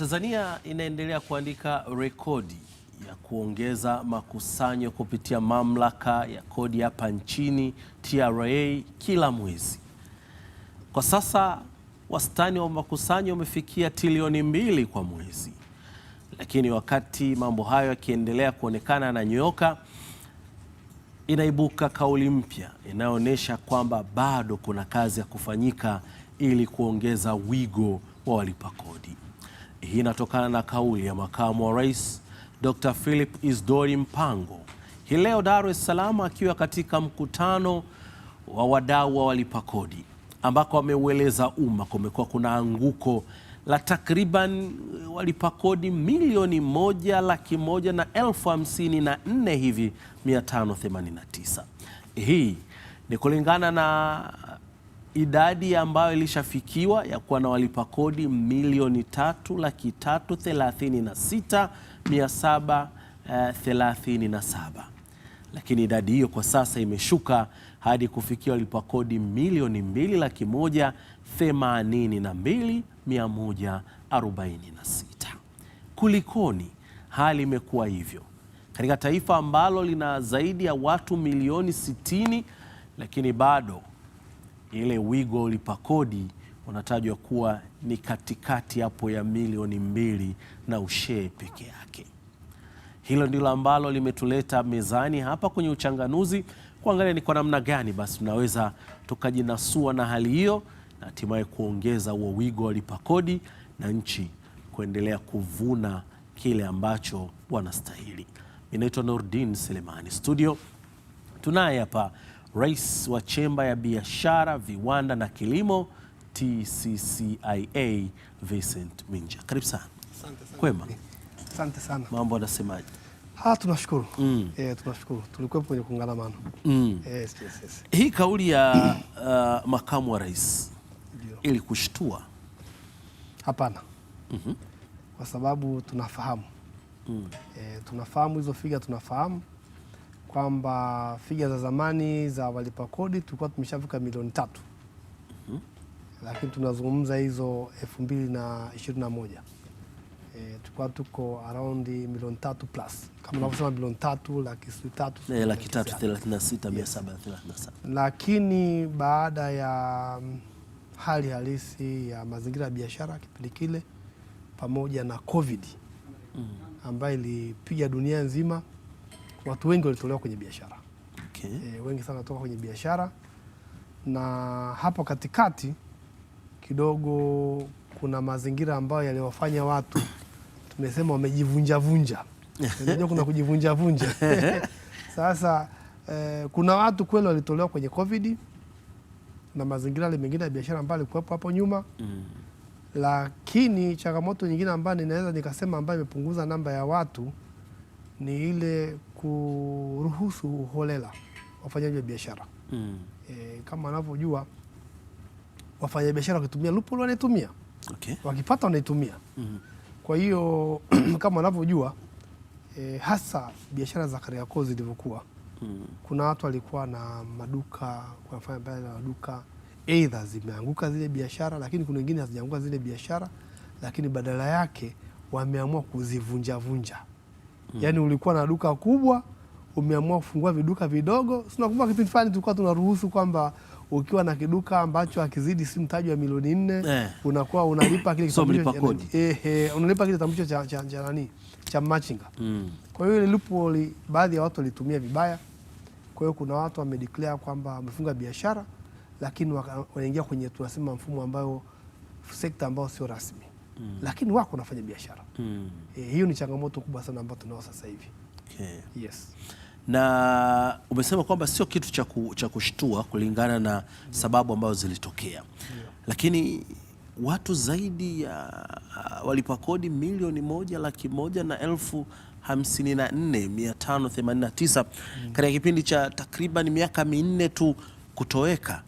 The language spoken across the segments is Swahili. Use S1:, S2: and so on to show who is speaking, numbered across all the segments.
S1: Tanzania inaendelea kuandika rekodi ya kuongeza makusanyo kupitia mamlaka ya kodi hapa nchini TRA kila mwezi. Kwa sasa wastani wa makusanyo umefikia trilioni mbili kwa mwezi. Lakini wakati mambo hayo yakiendelea kuonekana na nyoka, inaibuka kauli mpya inayoonyesha kwamba bado kuna kazi ya kufanyika ili kuongeza wigo wa walipa kodi. Hii inatokana na kauli ya makamu wa rais Dr. Philip Isdori Mpango hii leo Dar es Salaam akiwa katika mkutano wa wadau wa walipa kodi ambako ameueleza umma kumekuwa kuna anguko la takriban uh, walipa kodi milioni moja laki moja na elfu hamsini na nne hivi 589. Hii ni kulingana na idadi ambayo ilishafikiwa ya kuwa na walipa kodi milioni tatu laki tatu thelathini na sita mia saba eh, thelathini na saba lakini idadi hiyo kwa sasa imeshuka hadi kufikia walipa kodi milioni mbili laki moja themanini na mbili mia moja arobaini na sita. Kulikoni hali imekuwa hivyo katika taifa ambalo lina zaidi ya watu milioni sitini, lakini bado ile wigo ulipakodi unatajwa kuwa ni katikati hapo ya milioni mbili na ushee peke yake. Hilo ndilo ambalo limetuleta mezani hapa kwenye Uchanganuzi kuangalia ni kwa namna gani basi tunaweza tukajinasua na hali hiyo na hatimaye kuongeza huo wigo wa walipa kodi na nchi kuendelea kuvuna kile ambacho wanastahili. Mimi naitwa Nurdin Selemani, studio tunaye hapa Rais wa Chemba ya Biashara, Viwanda na Kilimo TCCIA Vincent Minja, karibu sana. Asante sana. Kwema? Asante sana. Mambo anasemaje?
S2: Ah, tunashukuru. Mm. E, tunashukuru. Tulikuwa kwenye kongamano. Mm. Yes,
S1: yes, yes. Hii kauli ya uh, makamu wa rais ili kushtua?
S2: Hapana. mm -hmm. Kwa sababu tunafahamu mm. E, tunafahamu hizo figa, tunafahamu kwamba figa za zamani za walipa kodi tulikuwa tumeshafika milioni tatu mm -hmm. Lakini tunazungumza hizo elfu mbili na ishirini na moja e, tulikuwa tuko around milioni tatu plus kama unavyosema milioni tatu laki sita tatu
S1: laki tatu eh, thelathini na sita mia saba thelathini na saba
S2: lakini baada ya mm, hali halisi ya mazingira ya biashara kipindi kile pamoja na COVID mm -hmm. ambayo ilipiga dunia nzima watu wengi walitolewa kwenye biashara okay. E, wengi sana toka kwenye biashara na hapo katikati kidogo kuna mazingira ambayo yaliwafanya watu tumesema wamejivunjavunja. Unajua kuna kujivunjavunja sasa e, kuna watu kweli walitolewa kwenye COVID na mazingira mengine ya biashara ambayo alikuwepo hapo nyuma mm. Lakini changamoto nyingine ambayo ninaweza nikasema ambayo imepunguza namba ya watu ni ile kuruhusu uholela wafanyaji wa biashara mm. E, kama anavyojua wafanyabiashara wakitumia loophole wanaitumia okay. Wakipata wanaitumia mm. Kwa hiyo kama anavyojua e, hasa biashara za Kariakoo zilivyokuwa mm. Kuna watu walikuwa na maduka wanafanya baadhi ya maduka aidha zimeanguka zile biashara, lakini kuna wengine hazijaanguka zile biashara, lakini badala yake wameamua kuzivunjavunja mm. Yaani ulikuwa na duka kubwa umeamua kufungua viduka vidogo. Sinakumbuka kipindi fulani tulikuwa tunaruhusu kwamba ukiwa na kiduka ambacho akizidi si mtaji wa milioni nne eh, unakuwa unalipa kile kitambulisho eh, eh, unalipa kile kitambulisho cha, cha, cha nani cha machinga mm. Kwa hiyo ile loophole baadhi ya watu walitumia vibaya. Kwa hiyo kuna watu wamedeclare kwamba wamefunga biashara, lakini wanaingia kwenye tunasema mfumo ambayo sekta ambayo sio rasmi mm. lakini wako wanafanya biashara mm. E, hiyo ni changamoto kubwa sana ambayo tunao sasa hivi okay.
S1: Yes. Na umesema kwamba sio kitu cha cha kushtua kulingana na sababu ambazo zilitokea yeah. Lakini watu zaidi ya uh, walipa kodi milioni moja laki moja na elfu tisa mm. katika kipindi cha takriban miaka minne tu kutoweka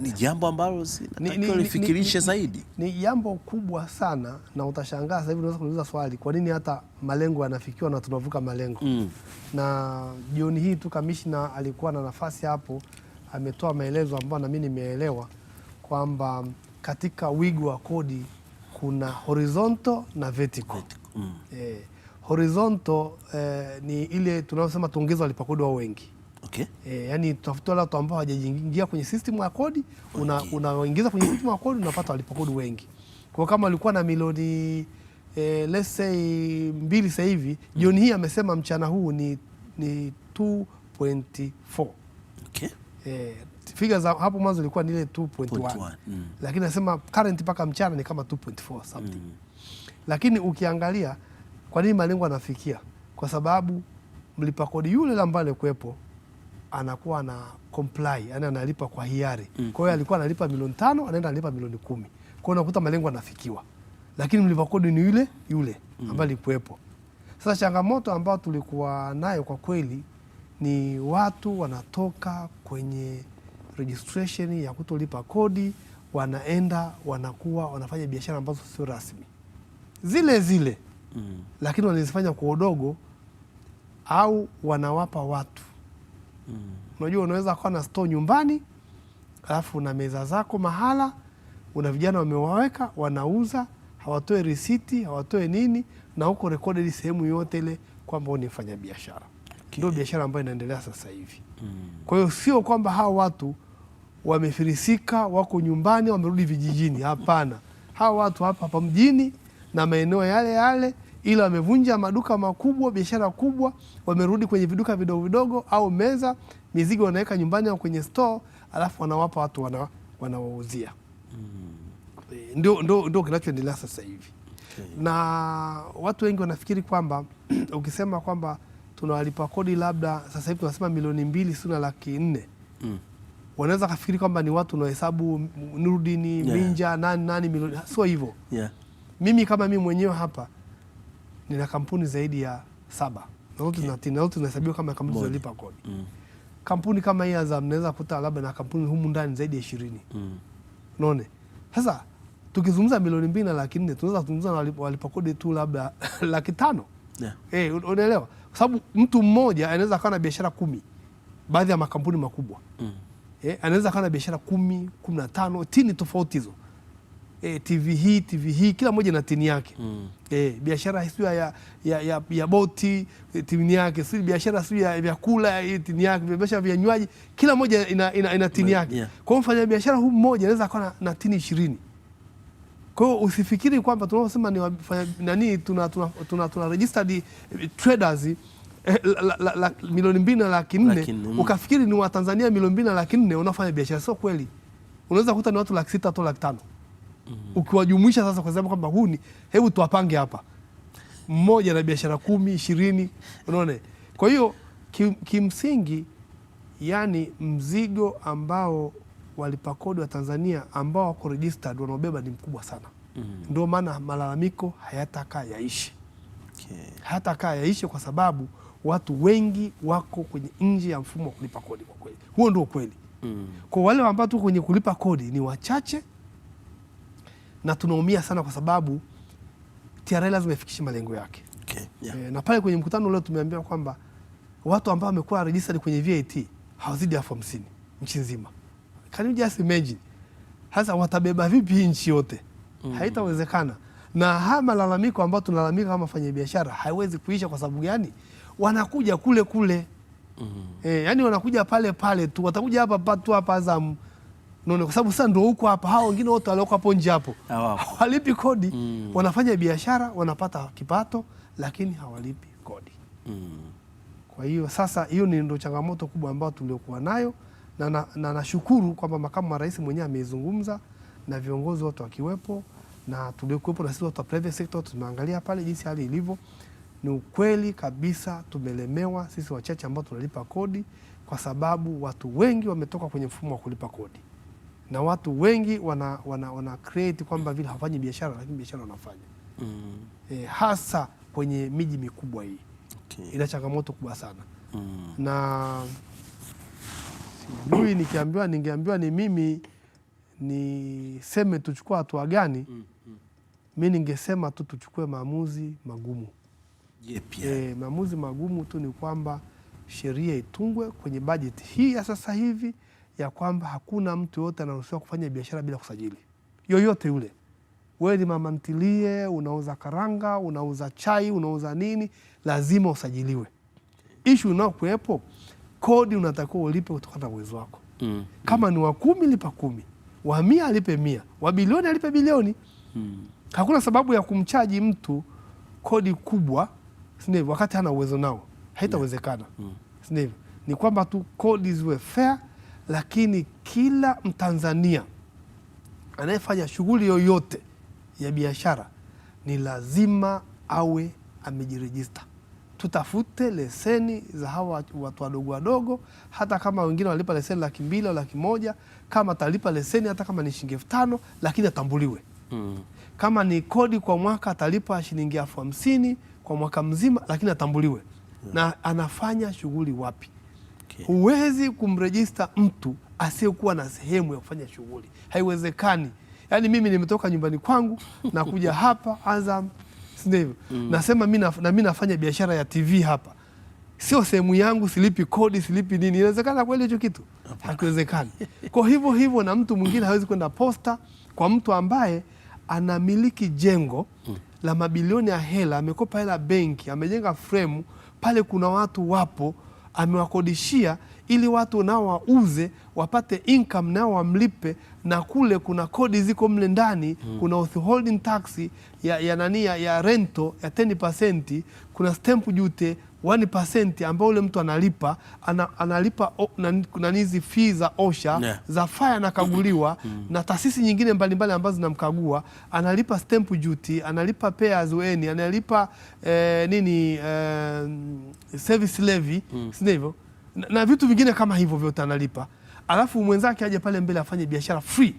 S1: ni jambo ambalo zinatakiwa lifikirishe zaidi.
S2: Ni jambo kubwa sana, na utashangaa sasa hivi unaweza kuuliza swali, kwa nini hata malengo yanafikiwa na tunavuka malengo mm. Na jioni hii tu kamishna alikuwa na nafasi hapo, ametoa maelezo ambayo nami nimeelewa kwamba katika wigo wa kodi kuna horizontal na vertical mm. Eh, horizontal eh, ni ile tunayosema tuongeze walipa kodi wao wengi Okay. E, yani tutafuta wale watu ambao hawajaingia kwenye system ya kodi unaingiza una kwenye system ya kodi unapata walipa kodi wengi. Kwa kama walikuwa na milioni e, let's say mbili sasa hivi jioni mm. hii amesema mchana huu ni, ni 2.4. Okay. E, figures hapo mwanzo ilikuwa ni ile 2.1 mm. lakini anasema current mpaka mchana ni kama 2.4 something mm. lakini ukiangalia kwa nini malengo anafikia, kwa sababu mlipa kodi yule ambaye alikuwepo anakuwa ana comply, yani analipa kwa hiari. Mm. Kwa hiyo alikuwa analipa milioni tano anaenda analipa milioni kumi. Kwa hiyo unakuta malengo yanafikiwa, lakini mlipa kodi ni yule yule mm. ambaye alikuwepo. Sasa changamoto ambayo tulikuwa nayo kwa kweli ni watu wanatoka kwenye registration ya kutolipa kodi, wanaenda wanakuwa wanafanya biashara ambazo sio rasmi zile zile mm, lakini wanazifanya kwa udogo au wanawapa watu Unajua, unaweza kuwa na store nyumbani, alafu una meza zako mahala, una vijana wamewaweka, wanauza, hawatoe risiti, hawatoe nini, na huko recorded sehemu yote ile kwamba wewe ni mfanyabiashara. Okay. Ndio biashara ambayo inaendelea sasa hivi. Mm. Kwa hiyo sio kwamba hawa watu wamefirisika, wako nyumbani, wamerudi vijijini. Hapana, hawa watu hapa hapa mjini na maeneo yale yale ila wamevunja maduka makubwa, biashara kubwa, wamerudi kwenye viduka vidogo vidogo au meza, mizigo wanaweka nyumbani au kwenye store, alafu wanawapa watu wanawauzia. Mm. Ndio, ndio, ndio kinachoendelea sasa hivi. Okay. Na watu wengi wanafikiri kwamba ukisema kwamba tunawalipa kodi labda sasa hivi tunasema milioni mbili na laki nne mm. Wanaweza kafikiri kwamba ni watu unaohesabu Nurudini, yeah. Minja nani nani milioni, sio hivyo yeah. Mimi kama mimi mwenyewe hapa nina kampuni zaidi ya saba na zote zinahesabiwa kama kampuni zinalipa kodi. mm. Kampuni kama hii Azam naweza kuta labda na kampuni humu ndani zaidi ya ishirini. Mm. Unaona? Sasa tukizungumza milioni mbili na laki nne tunaweza kuzungumza na walipa kodi tu labda laki tano. Yeah. Eh, unaelewa? Kwa sababu mtu mmoja anaweza akawa na biashara kumi baadhi ya makampuni makubwa. Mm. Eh, anaweza akawa na biashara kumi, kumi na tano, tini tofauti hizo. mm e, eh, TV hii TV hii kila moja na tini yake mm. E, biashara sio ya, ya, ya, ya ya boti e, tini yake sio biashara sio ya vyakula e, tini yake biashara vya nywaji, kila moja ina, ina, ina tini yake yeah. Kwa hiyo mfanya biashara huyu mmoja anaweza kuwa na, na tini ishirini. Kwa hiyo usifikiri kwamba tunaposema ni wafanya nani tuna tuna, tuna, tuna registered traders la, milioni mbili na laki nne ukafikiri ni Watanzania milioni mbili na laki nne unafanya biashara, sio kweli. Unaweza kukuta ni watu laki sita tu laki tano. mm. -hmm. Ukiwajumuisha sasa kwa sababu kwamba huu ni hebu tuwapange hapa, mmoja na biashara kumi ishirini, unaona. Kwa hiyo kimsingi kim yani mzigo ambao walipakodi wa Tanzania ambao wako registered wanaobeba ni mkubwa sana mm. Ndio maana malalamiko hayatakaa yaishi okay. Hayatakaa yaishi kwa sababu watu wengi wako kwenye nje ya mfumo wa kulipa kodi. Kwa kweli huo ndio kweli mm. Kwa wale ambao tu kwenye kulipa kodi ni wachache na tunaumia sana kwa sababu TRA lazima ifikishe malengo yake. Okay, yeah. E, na pale kwenye mkutano leo tumeambiwa kwamba watu ambao wamekuwa registered kwenye VAT hawazidi elfu hamsini nchi nzima. Can you just imagine? Sasa watabeba vipi nchi yote? Mm. Haitawezekana. Na haya malalamiko ambayo tunalalamika kama wafanyabiashara haiwezi kuisha kwa sababu gani? Wanakuja kule kule. Mm. E, eh, yani wanakuja pale pale tu, watakuja hapa tu hapa Azam Unaona, kwa sababu sasa ndio huko hapa, hao wengine wote walioko hapo nje hapo ah, hawalipi kodi mm. wanafanya biashara wanapata kipato lakini hawalipi kodi mm. Kwa hiyo sasa hiyo ni ndio changamoto kubwa ambayo tuliokuwa nayo na nashukuru na kwamba makamu wa rais mwenyewe ameizungumza na viongozi wote wakiwepo na tuliokuwepo na sisi watu wa private sector tumeangalia pale jinsi hali ilivyo. Ni ukweli kabisa tumelemewa sisi wachache ambao tunalipa kodi, kwa sababu watu wengi wametoka kwenye mfumo wa kulipa kodi na watu wengi wana, wana, wana create kwamba vile hawafanyi biashara lakini biashara wanafanya mm. E, hasa kwenye miji mikubwa hii okay. Ina changamoto kubwa sana mm. na sijui nikiambiwa, ningeambiwa ni mimi niseme tuchukua hatua gani mm. mm. Mi ningesema tu tuchukue maamuzi magumu yep, yeah. E, maamuzi magumu tu ni kwamba sheria itungwe kwenye bajeti hii ya sasa hivi ya kwamba hakuna mtu yoyote anaruhusiwa kufanya biashara bila kusajili yoyote yule. Wewe ni mama ntilie, unauza karanga, unauza chai, unauza nini, lazima usajiliwe. Ishu unaokuwepo kodi unatakiwa ulipe kutokana na uwezo wako mm. Kama mm. ni wa kumi lipa kumi, wa mia alipe mia, wa bilioni alipe bilioni mm. Hakuna sababu ya kumchaji mtu kodi kubwa, sindio, wakati hana uwezo nao, haitawezekana mm. Sindio, ni kwamba tu kodi ziwe fair lakini kila Mtanzania anayefanya shughuli yoyote ya biashara ni lazima awe amejirejista. Tutafute leseni za hawa watu wadogo wadogo, hata kama wengine walipa leseni laki mbili au laki moja kama atalipa leseni hata kama ni shilingi elfu tano lakini atambuliwe. Mm. Kama ni kodi kwa mwaka atalipa shilingi elfu hamsini kwa mwaka mzima, lakini atambuliwe. Yeah. Na anafanya shughuli wapi? yake. Huwezi kumrejista mtu asiyekuwa na sehemu ya kufanya shughuli, haiwezekani. Yaani mimi nimetoka nyumbani kwangu na kuja hapa Azam, si ndivyo? mm. Nasema mi na mi nafanya biashara ya TV hapa, sio sehemu yangu, silipi kodi, silipi nini. Inawezekana kweli hicho kitu? Hakiwezekani. Kwa hivyo hivyo na mtu mwingine hawezi kwenda posta kwa mtu ambaye anamiliki jengo mm. la mabilioni ya hela, amekopa hela benki, amejenga fremu pale, kuna watu wapo amewakodishia ili watu nao wauze wapate income nao wamlipe, na kule kuna kodi ziko mle ndani mm. kuna withholding tax ya, ya nani ya, rento ya 10%, kuna stamp duty, 1% ambao ule mtu analipa ana, analipa kuna hizi fee za OSHA yeah. za fire anakaguliwa mm -hmm. na taasisi nyingine mbalimbali ambazo zinamkagua, analipa stamp duty, analipa payers weni, analipa eh, nini eh, service levy mm. si ndivyo? Na, na vitu vingine kama hivyo vyote analipa, alafu mwenzake aje pale mbele afanye biashara free.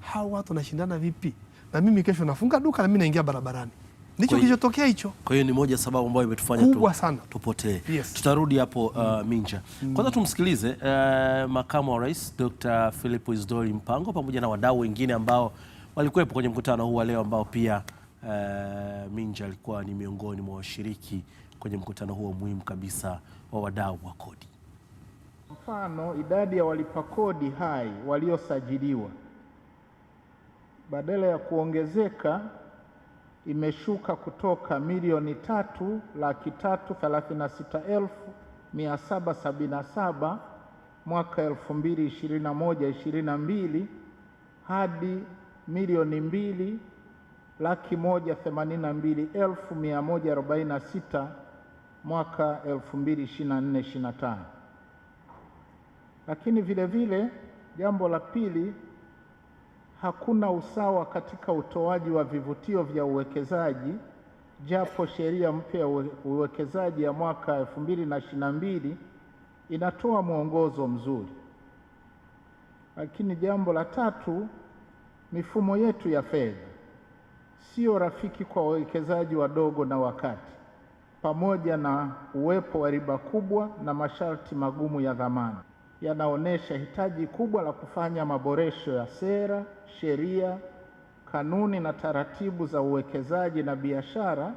S2: Hao watu wanashindana vipi? Na mimi kesho nafunga duka na mimi naingia barabarani ndicho kilichotokea hicho.
S1: Kwa hiyo ni moja sababu ambayo imetufanya kubwa sana tupotee. Yes. Tutarudi hapo uh, mm. Minja. Mm. Kwanza tumsikilize uh, makamu wa rais Dr. Philip Isdori Mpango pamoja na wadau wengine ambao walikuwepo kwenye mkutano huu wa leo ambao pia uh, Minja alikuwa ni miongoni mwa washiriki kwenye mkutano huo muhimu kabisa wa wadau wa kodi.
S3: Mfano, idadi ya walipa kodi hai waliosajiliwa badala ya kuongezeka imeshuka kutoka milioni tatu laki tatu thelathini na sita elfu mia saba sabini na saba mwaka elfu mbili ishirini na moja ishirini na mbili hadi milioni mbili laki moja themanini na mbili elfu mia moja arobaini na sita mwaka elfu mbili ishirini na nne ishirini na tano. Lakini vile vile jambo la pili hakuna usawa katika utoaji wa vivutio vya uwekezaji, japo sheria mpya ya uwekezaji ya mwaka 2022 inatoa mwongozo mzuri. Lakini jambo la tatu, mifumo yetu ya fedha sio rafiki kwa wawekezaji wadogo na wakati, pamoja na uwepo wa riba kubwa na masharti magumu ya dhamana yanaonyesha hitaji kubwa la kufanya maboresho ya sera, sheria, kanuni na taratibu za uwekezaji na biashara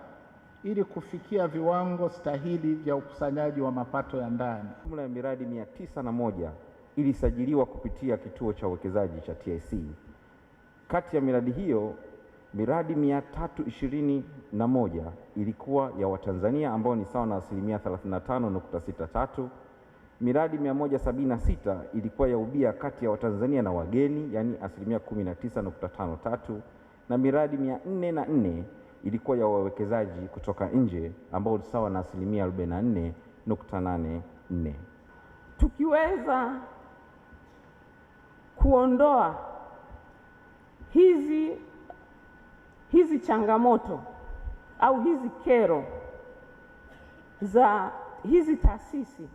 S3: ili kufikia viwango stahili vya ukusanyaji wa mapato ya ndani.
S4: Jumla ya miradi mia tisa na moja ilisajiliwa kupitia kituo cha uwekezaji cha TIC. Kati ya miradi hiyo, miradi mia tatu ishirini na moja ilikuwa ya Watanzania ambao ni sawa na asilimia 35.63 miradi 176 ilikuwa ya ubia kati ya Watanzania na wageni, yani asilimia 19.53 na miradi 404 ilikuwa ya wawekezaji kutoka nje ambao ni sawa na asilimia 44.84.
S5: Tukiweza kuondoa hizi hizi changamoto au hizi kero za hizi taasisi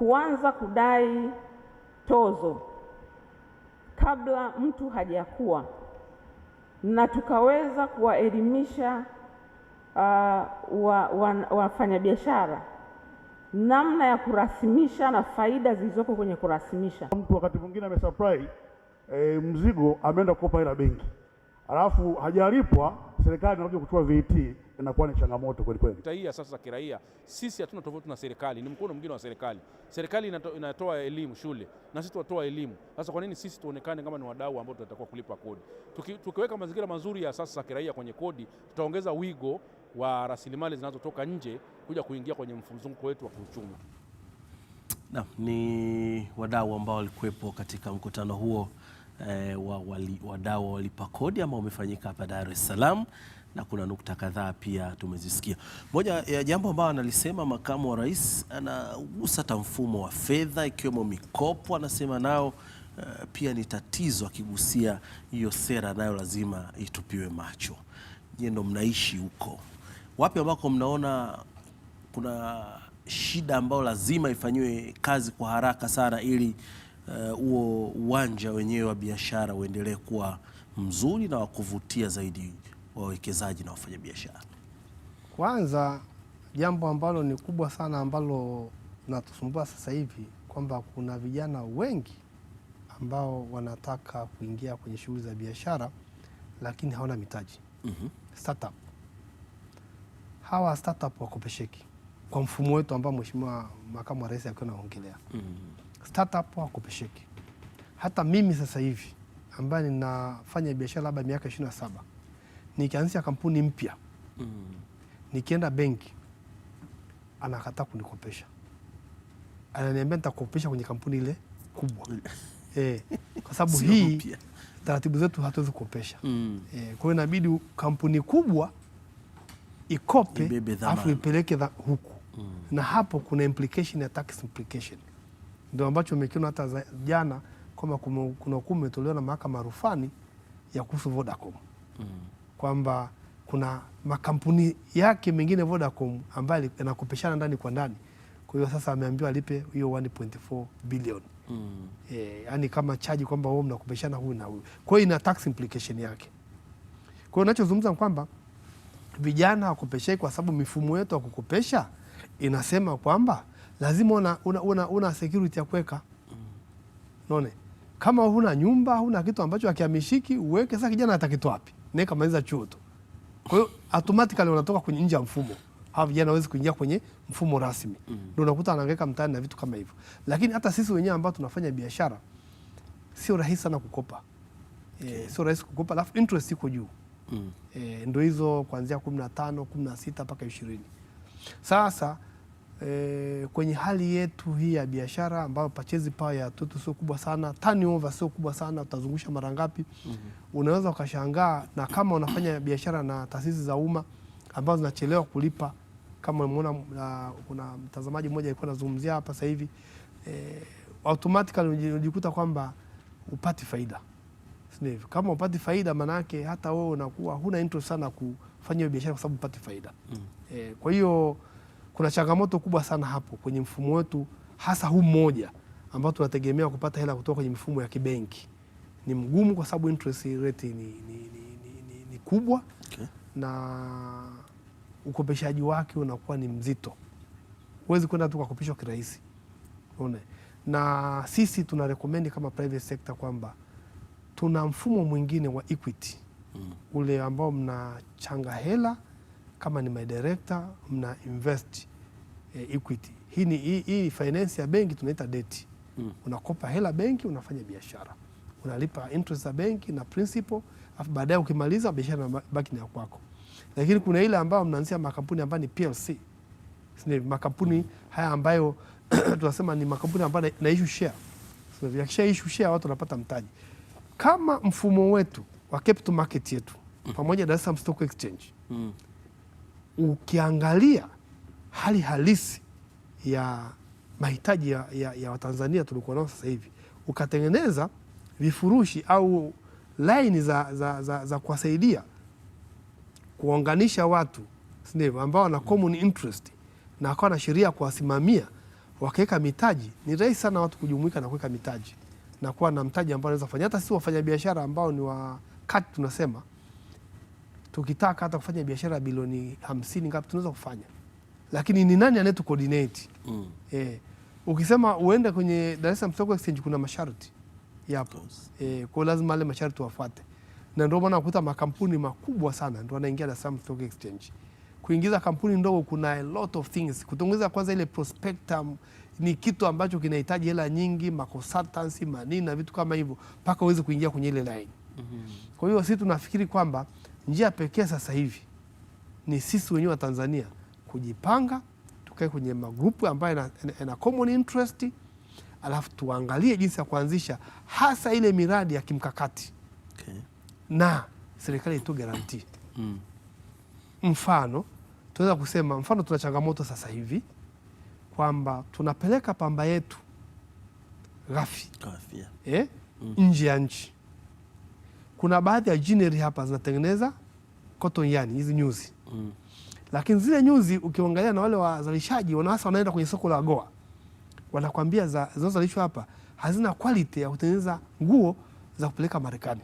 S5: kuanza kudai tozo kabla mtu hajakuwa na tukaweza kuwaelimisha uh, wafanyabiashara wa, wa namna ya kurasimisha na faida zilizoko kwenye kurasimisha.
S6: Mtu wakati mwingine amesupply e, eh, mzigo ameenda kukopa hela benki, alafu hajalipwa, serikali inakuja kuchukua VAT inakuwa ni changamoto kweli kweli.
S7: Taia sasa za kiraia, sisi hatuna tofauti na serikali, ni mkono mwingine wa serikali. Serikali inato, inatoa elimu shule na sisi tunatoa elimu. Sasa kwa nini sisi tuonekane kama ni wadau ambao tunatakiwa kulipa kodi? Tuki, tukiweka mazingira mazuri ya sasa za kiraia kwenye kodi, tutaongeza wigo wa rasilimali zinazotoka nje kuja kuingia kwenye mzunguko wetu wa kiuchumi.
S1: Na, ni wadau ambao walikuwepo katika mkutano huo eh, wa, wadau wa walipa kodi ambao wamefanyika hapa Dar es Salaam na kuna nukta kadhaa pia tumezisikia. Moja ya jambo ambalo analisema makamu wa rais, anagusa hata mfumo wa fedha ikiwemo mikopo, anasema nao uh, pia ni tatizo, akigusia hiyo sera nayo lazima itupiwe macho. Nyie ndo mnaishi huko, wapi ambako mnaona kuna shida ambayo lazima ifanyiwe kazi kwa haraka sana ili Eh, huo uh, uwanja wenyewe wa biashara uendelee kuwa mzuri na wa kuvutia zaidi wawekezaji na wafanyabiashara?
S2: Kwanza, jambo ambalo ni kubwa sana ambalo natusumbua sasa hivi kwamba kuna vijana wengi ambao wanataka kuingia kwenye shughuli za biashara lakini hawana mitaji. mm -hmm. Startup hawa startup wakopesheki kwa mfumo wetu ambao Mheshimiwa Makamu wa Rais akiwa naongelea mm -hmm startup wakopesheki. Hata mimi sasa hivi ambaye ninafanya biashara labda miaka 27 nikianzisha kampuni mpya mm. nikienda benki anakataa kunikopesha, ananiambia nitakopesha kwenye kampuni ile kubwa eh, kwa sababu hii taratibu zetu hatuwezi kukopesha mm. Eh, kwa hiyo inabidi kampuni kubwa ikope afu ipeleke huku mm. na hapo kuna implication ya tax implication ndio ambacho umekiona hata jana kwamba kuna hukumu imetolewa na mahakama ya rufani ya kuhusu Vodacom mm. kwamba kuna makampuni yake mengine Vodacom ambayo yanakopeshana ndani kwa ndani, kwa hiyo sasa ameambiwa alipe hiyo 1.4 bilioni mm. E, yani kama chaji kwamba wao mnakopeshana huyu na huyu, kwa hiyo ina tax implication yake. Kwa hiyo ninachozungumza kwamba vijana wakopeshai, kwa sababu mifumo yetu ya kukopesha inasema kwamba lazima una, una, una, una security ya kuweka naone kama huna nyumba huna kitu ambacho hakihamishiki uweke. Sasa kijana atakito wapi? Naye kamaliza chuo tu, kwa hiyo automatically unatoka kwenye nje ya mfumo. Hawa vijana hawezi kuingia kwenye mfumo rasmi, mm. ndio unakuta anahangaika mtaani na vitu kama hivyo. Lakini hata sisi wenyewe ambao tunafanya biashara sio rahisi sana kukopa eh, okay. E, sio rahisi kukopa, alafu interest iko juu mm. E, ndio hizo kuanzia kumi na tano kumi na sita mpaka ishirini sasa e, kwenye hali yetu hii ya biashara ambayo pachezi power ya Toto sio kubwa sana, turnover sio kubwa sana, utazungusha mara ngapi? mm -hmm. Unaweza ukashangaa, na kama unafanya biashara na taasisi za umma ambazo zinachelewa kulipa, kama umeona ah, kuna mtazamaji mmoja alikuwa anazungumzia hapa sasa hivi e, automatically unajikuta kwamba upati faida Sivyo? Kama upati faida yake hata wewe unakuwa huna interest sana kufanya biashara kwa sababu upati faida. Mm. E, kwa hiyo kuna changamoto kubwa sana hapo kwenye mfumo wetu, hasa huu mmoja ambao tunategemea kupata hela kutoka kwenye mifumo ya kibenki ni mgumu, kwa sababu interest rate ni, ni, ni, ni, ni kubwa okay. na ukopeshaji wake unakuwa ni mzito, huwezi kwenda tu kukopeshwa kirahisi. Unaona, na sisi tuna recommend kama private sector kwamba tuna mfumo mwingine wa equity mm. ule ambao mnachanga hela kama ni madirekta mna invest eh, equity. Hii ni hii finance ya benki tunaita debt. mm. Unakopa hela benki, unafanya biashara, unalipa interest za benki na principal, afu baadaye ukimaliza biashara inabaki ni ya kwako. Lakini kuna ile ambayo mnaanzia makampuni ambayo ni PLC, sio makampuni mm. haya ambayo tunasema ni makampuni ambayo na issue share, sio yakisha issue share watu wanapata mtaji. Kama mfumo wetu wa capital market yetu mm. pamoja na Dar es Salaam Stock Exchange mm ukiangalia hali halisi ya mahitaji ya, ya, ya Watanzania tulikuwa nao sasa hivi, ukatengeneza vifurushi au laini za, za, za, za kuwasaidia kuwaunganisha watu sindio, ambao wana mm. common interest na wakawa na sheria ya kuwasimamia, wakiweka mitaji, ni rahisi sana watu kujumuika na kuweka mitaji na kuwa na mtaji ambao anaweza fanya. Hata sisi wafanyabiashara ambao ni wakati tunasema tukitaka hata kufanya biashara ya bilioni hamsini ngapi tunaweza kufanya, lakini ni nani coordinate mm. E, ukisema uende kwenye Dar es Salaam Stock Exchange kuna masharti yapo, e, kwa lazima wale masharti wafuate, na ndio maana ukuta makampuni makubwa sana ndio anaingia Dar es Salaam Stock Exchange. Kuingiza kampuni ndogo kuna a lot of things, kutongeza kwanza ile prospectum ni kitu ambacho kinahitaji hela nyingi, makonsultancy manini na vitu kama hivyo, mpaka uweze kuingia kwenye ile line. mm -hmm. Kwa hiyo sisi tunafikiri kwamba Njia pekee sasa hivi ni sisi wenyewe wa Tanzania kujipanga, tukae kwenye magrupu ambayo yana common interest, alafu tuangalie jinsi ya kuanzisha hasa ile miradi ya kimkakati okay. na serikali itoe garanti mm. Mfano tunaweza kusema, mfano tuna changamoto sasa hivi kwamba tunapeleka pamba yetu ghafi eh, mm. nje ya nchi kuna baadhi ya jineri hapa zinatengeneza cotton yani hizi nyuzi mm. Lakini zile nyuzi ukiangalia na wale wazalishaji wanawasa wanaenda kwenye soko la Goa, wanakwambia za zinazozalishwa hapa hazina quality ya kutengeneza nguo za kupeleka Marekani.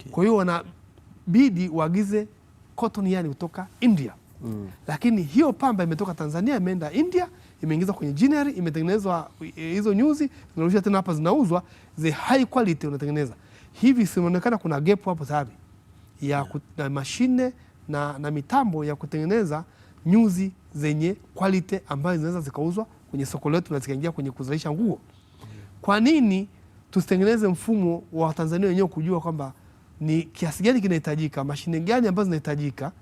S2: Okay. Kwa hiyo wanabidi waagize cotton yani kutoka India. Mm. Lakini hiyo pamba imetoka Tanzania imeenda India imeingizwa kwenye jineri imetengenezwa eh, hizo nyuzi zinarudishwa tena hapa zinauzwa, the high quality unatengeneza mm hivi simeonekana kuna gap hapo tayari ya na mashine na, na mitambo ya kutengeneza nyuzi zenye quality ambazo zinaweza zikauzwa kwenye soko letu na zikaingia kwenye kuzalisha nguo. Kwa nini tusitengeneze mfumo wa Tanzania wenyewe kujua kwamba ni kiasi gani kinahitajika, mashine gani ambazo zinahitajika?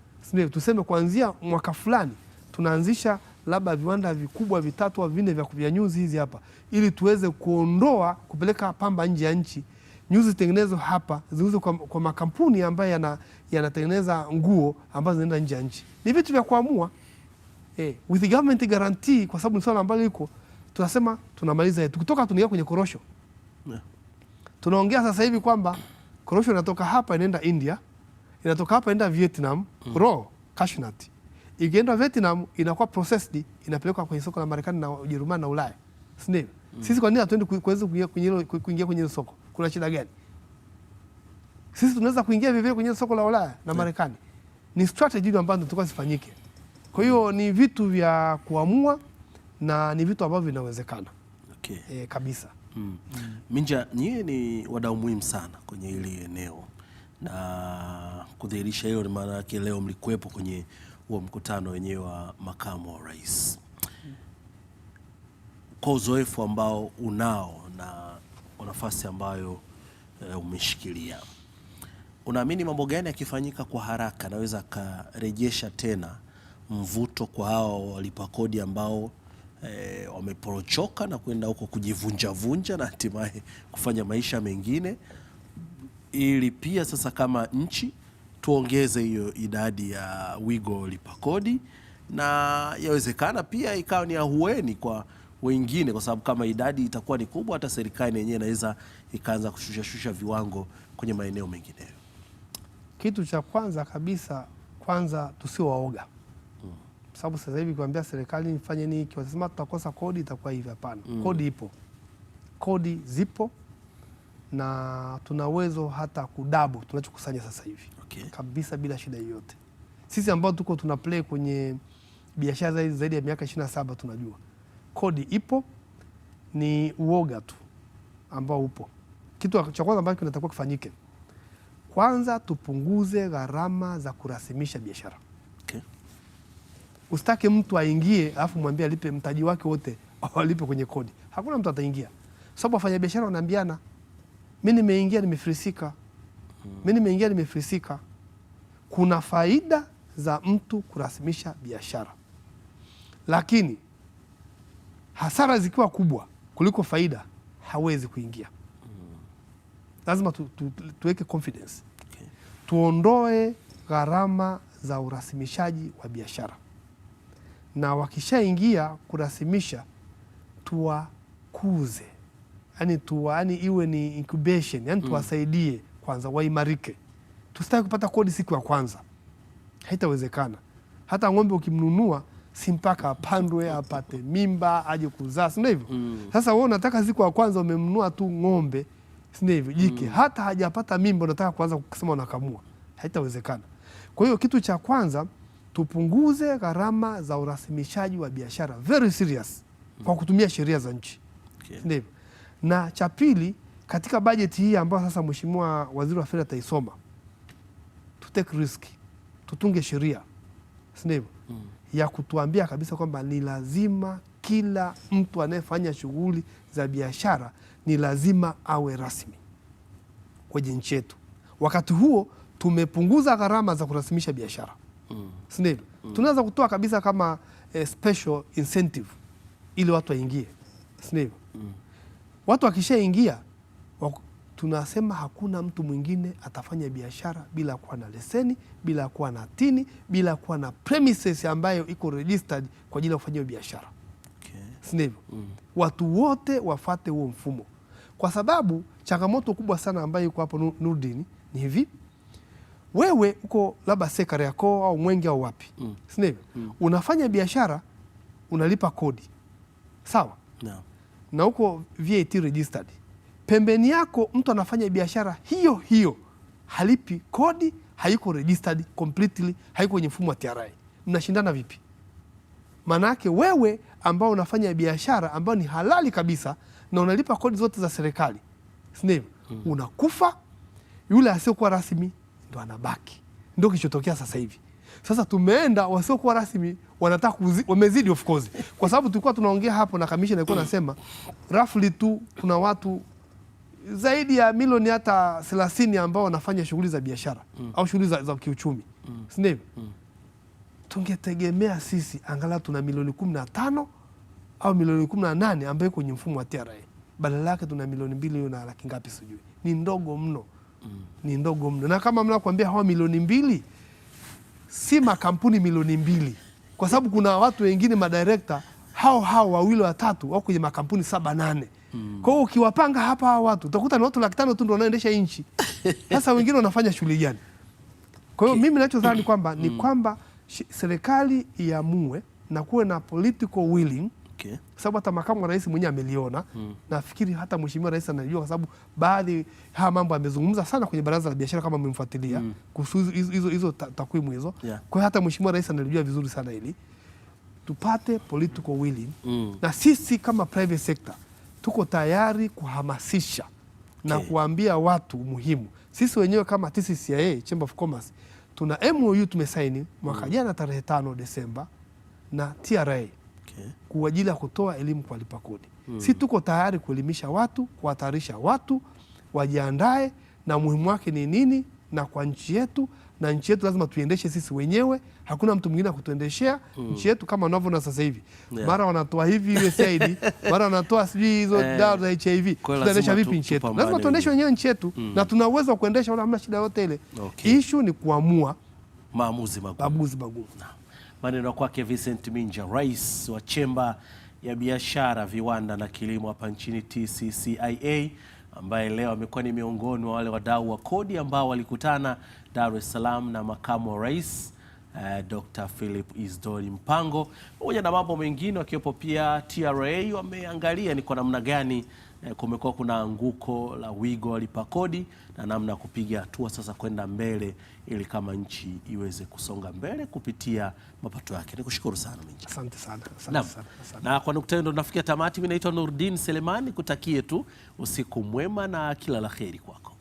S2: Tuseme kuanzia mwaka fulani tunaanzisha labda viwanda vikubwa vitatu au vinne vya nyuzi hizi hapa, ili tuweze kuondoa kupeleka pamba nje ya nchi nyuzi zitengenezwe hapa ziuzwe kwa, kwa makampuni ambayo yanatengeneza yana nguo ambazo zinaenda nje ya nchi. Ni vitu vya kuamua eh, with government guarantee, kwa sababu ni swala ambalo liko tunasema tunamaliza yetu kutoka, tunaingia kwenye korosho yeah. Tunaongea sasa hivi kwamba korosho inatoka hapa inaenda India, inatoka hapa inaenda Vietnam mm. raw cashew nut ikienda Vietnam inakuwa processed inapelekwa kwenye soko la Marekani na Ujerumani na Ulaya, si ndivyo? mm. Sisi kwa nini hatuendi kuweza kuingia kwenye hilo soko? kuna shida gani? Sisi tunaweza kuingia vivyo kwenye soko la Ulaya na eh. Marekani. Ni strategy ambazo tunataka zifanyike. Kwa hiyo ni vitu vya kuamua na ni vitu ambavyo vinawezekana. Okay. E, kabisa. Mm.
S1: Mm. Minja, nyie ni wadau muhimu sana kwenye hili eneo na kudhihirisha hilo, maana yake leo mlikuwepo kwenye huo mkutano wenyewe wa makamu wa rais, kwa uzoefu ambao unao na nafasi ambayo e, umeshikilia. Unaamini mambo gani yakifanyika kwa haraka anaweza akarejesha tena mvuto kwa hawa walipa kodi ambao e, wameporochoka na kwenda huko kujivunjavunja na hatimaye kufanya maisha mengine, ili pia sasa kama nchi tuongeze hiyo idadi ya wigo walipa kodi, na yawezekana pia ikawa ni ahueni kwa wengine, kwa sababu kama idadi itakuwa ni kubwa, hata serikali yenyewe inaweza ikaanza kushushashusha viwango kwenye maeneo mengineyo.
S2: Kitu cha kwanza kabisa, kwanza tusiwaoga hmm. Sababu sasa hivi kuambia serikali ifanye nini, kiwasema tutakosa kodi, itakuwa hivi. Hapana hmm. Kodi ipo, kodi zipo na tuna uwezo hata kudabu tunachokusanya sasa hivi okay. Kabisa bila shida yoyote. Sisi ambao tuko tuna play kwenye biashara zaidi ya miaka 27 tunajua kodi ipo, ni uoga tu ambao upo. Kitu cha kwanza ambacho kinatakiwa kifanyike, kwanza tupunguze gharama za kurasimisha biashara okay. Usitake mtu aingie alafu mwambie alipe mtaji wake wote alipe kwenye kodi, hakuna mtu ataingia, sababu biashara wanaambiana, mi nimeingia nimefirisika, hmm. mi nimeingia nimefirisika. Kuna faida za mtu kurasimisha biashara, lakini hasara zikiwa kubwa kuliko faida hawezi kuingia. Lazima tu, tu, tuweke confidence okay. Tuondoe gharama za urasimishaji wa biashara, na wakishaingia kurasimisha tuwakuze, yani tuwa, yani iwe ni incubation, yani mm. tuwasaidie kwanza waimarike. Tusitaki kupata kodi siku ya kwanza, haitawezekana. Hata ng'ombe ukimnunua si mpaka apandwe apate mimba aje kuzaa, si ndio hivyo? mm. Sasa wewe unataka siku ya kwanza umemnua tu ng'ombe, si ndio hivyo, jike mm. hata hajapata mimba unataka kuanza kusema unakamua, haitawezekana. Kwa hiyo kitu cha kwanza tupunguze gharama za urasimishaji wa biashara very serious mm. kwa kutumia sheria za nchi okay. Ndio, na cha pili katika bajeti hii ambayo sasa mheshimiwa waziri wa fedha ataisoma, take risk, tutunge sheria, si ndio? ya kutuambia kabisa kwamba ni lazima kila mtu anayefanya shughuli za biashara ni lazima awe rasmi kwenye nchi yetu. Wakati huo tumepunguza gharama za kurasimisha biashara mm. si ndivyo? mm. tunaweza kutoa kabisa kama eh, special incentive ili watu waingie, si ndivyo? mm. watu wakishaingia tunasema hakuna mtu mwingine atafanya biashara bila kuwa na leseni, bila kuwa na tini, bila kuwa na premises ambayo iko registered kwa ajili ya kufanyia biashara okay. si ndivyo? mm. Watu wote wafate huo mfumo, kwa sababu changamoto kubwa sana ambayo iko hapo Nurdin ni hivi, wewe uko labda se Kariakoo au Mwenge au wapi mm. si ndivyo? mm. unafanya biashara unalipa kodi sawa no. na huko VAT registered pembeni yako mtu anafanya biashara hiyo hiyo, halipi kodi, haiko registered completely, haiko kwenye mfumo wa TRA, mnashindana vipi? Maanake wewe ambao unafanya biashara ambayo ni halali kabisa na unalipa kodi zote za serikali, si ndivyo? Hmm. Unakufa, yule asiyokuwa rasmi ndo anabaki. Ndio kilichotokea sasa hivi. Sasa tumeenda wasiokuwa rasmi wanataka wamezidi, of course, kwa sababu tulikuwa tunaongea hapo na kamishna alikuwa anasema roughly tu kuna watu zaidi ya milioni hata 30 ambao wanafanya shughuli za biashara mm. au shughuli za, za kiuchumi mm. si ndivyo? mm. tungetegemea sisi angalau tuna milioni kumi na tano au milioni kumi na nane ambayo kwenye mfumo wa TRA, badala yake tuna milioni mbili na laki ngapi sijui, ni ndogo mno mm. ni ndogo mno, na kama mnakuambia hawa milioni mbili si makampuni milioni mbili, kwa sababu kuna watu wengine madirekta hao hao wawili watatu wako kwenye makampuni saba nane Mm. Kwa hiyo ukiwapanga hapa hawa watu utakuta ni watu laki tano tu ndio wanaendesha nchi. Sasa wengine wanafanya shughuli gani? Kwa hiyo okay. mimi ninachodhani kwamba ni hmm. kwamba serikali iamue na kuwe na political willing okay. Sababu hata makamu wa rais mwenyewe ameliona mm. Nafikiri hata mheshimiwa rais anajua, kwa sababu baadhi haya mambo amezungumza sana kwenye baraza la biashara, kama amemfuatilia mm. kuhusu hizo hizo takwimu hizo yeah. Kwa hiyo hata mheshimiwa rais analijua vizuri sana hili, tupate political willing mm. na sisi kama private sector tuko tayari kuhamasisha na okay, kuambia watu umuhimu. Sisi wenyewe kama TCCIA Chamber of Commerce tuna MOU tumesaini mwaka mm. jana tarehe tano Desemba na TRA okay, kwa ajili ya kutoa elimu kwa lipa kodi mm. Si tuko tayari kuelimisha watu, kuhatarisha watu wajiandae na umuhimu wake ni nini na kwa nchi yetu na nchi yetu lazima tuiendeshe sisi wenyewe, hakuna mtu mwingine akutuendeshea mm. nchi yetu kama unavyoona sasa hivi yeah. mara wanatoa hivi USAID mara wanatoa sijui hizo eh. dawa za HIV, tunaendesha vipi nchi yetu? Lazima tuendeshe wenyewe nchi yetu mm. na tuna uwezo wa kuendesha, wala hamna shida yote ile okay. Issue ni kuamua
S1: maamuzi magumu,
S2: maamuzi magumu.
S1: Maneno kwake Vincent Minja, rais wa chemba ya biashara, viwanda na kilimo hapa nchini TCCIA, ambaye leo amekuwa ni miongoni wa wale wadau wa kodi ambao walikutana Dar es Salaam na makamu wa rais uh, eh, Dr. Philip Isdori Mpango pamoja na mambo mengine, wakiwepo pia TRA wameangalia ni kwa namna gani eh, kumekuwa kuna anguko la wigo walipa kodi na namna ya kupiga hatua sasa kwenda mbele ili kama nchi iweze kusonga mbele kupitia mapato yake. Nikushukuru sana Minji. Asante sana, asante sana, Na kwa nukta hiyo ndo nafikia tamati. Mimi naitwa Nurdin Selemani, kutakie tu usiku mwema na kila la heri kwako.